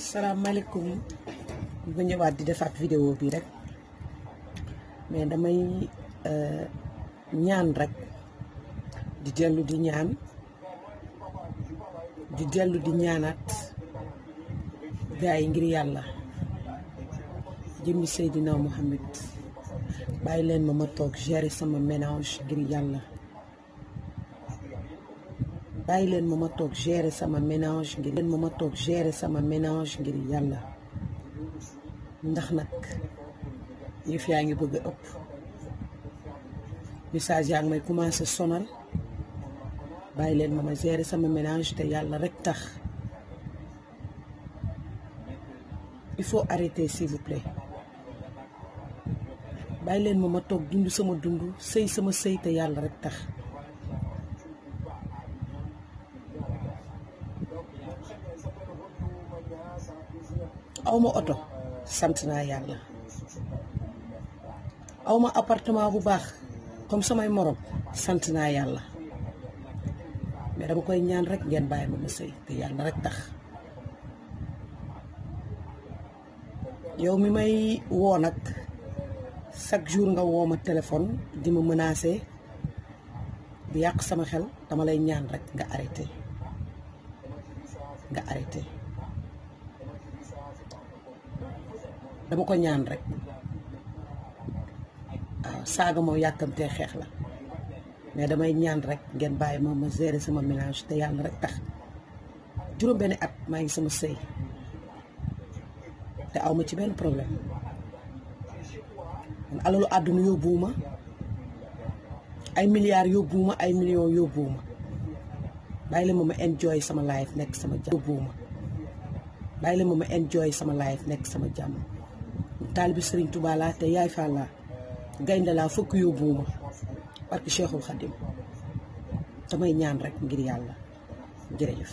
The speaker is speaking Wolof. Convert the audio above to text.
salaamaaleykum bu ñëwaat di defaat vidéo bi rek mais damay euh, ñaan rek di dellu di ñaan di dellu di ñaanaat gaa yi ngir yàlla jëmmi Seydina Mouhamed bàyyi leen ma ma toog gérer sama ménage ngir yàlla bàyyi leen ma ma toog gérer sama ménage ngir leen ma ma toog gérer sama ménage ngir yàlla ndax nag yëf yaa ngi bëgg a ëpp message yaa ngi may commencé sonal bàyyi leen ma ma gérer sama ménage te yàlla rek tax il faut arrêter s'il vous plaît leen ma ma toog dund sama dund sëy sama sëy te yàlla rek tax awma oto sant naa yàlla awma appartement bu baax comme samay morom sant naa yàlla mais dama koy ñaan rek ngeen bàyyi ma ma sëy te yàlla rek tax yow mi may woo nag chaque jour nga woo ma téléphone di ma menacer di yàq sama xel dama lay ñaan rek nga arrêté nga arrêté dama ko ñaan rek waaw ah, saaga moom yàkkamtee xeex la mais damay ñaan rek ngeen bàyyi ma ma gérer sama ménage te yàlla rek tax juróom benn at maa ngi sama sëy te aw ma ci benn problème man alalu àdduna yóbbuwuma ay milliards yóbbuwuma ay millions yóbbuwuma bàyyi la ma ma enjoy sama life nekk sama jàmm yóbbuwuma bàyyi la ma ma enjoy sama life nekk sama jàmm taalibi sëriñ Touba laa te yaay Fall gaynde laa fukk yóbbuwuma barki Cheikhul Khadim damay ñaan rek ngir yàlla jërëjëf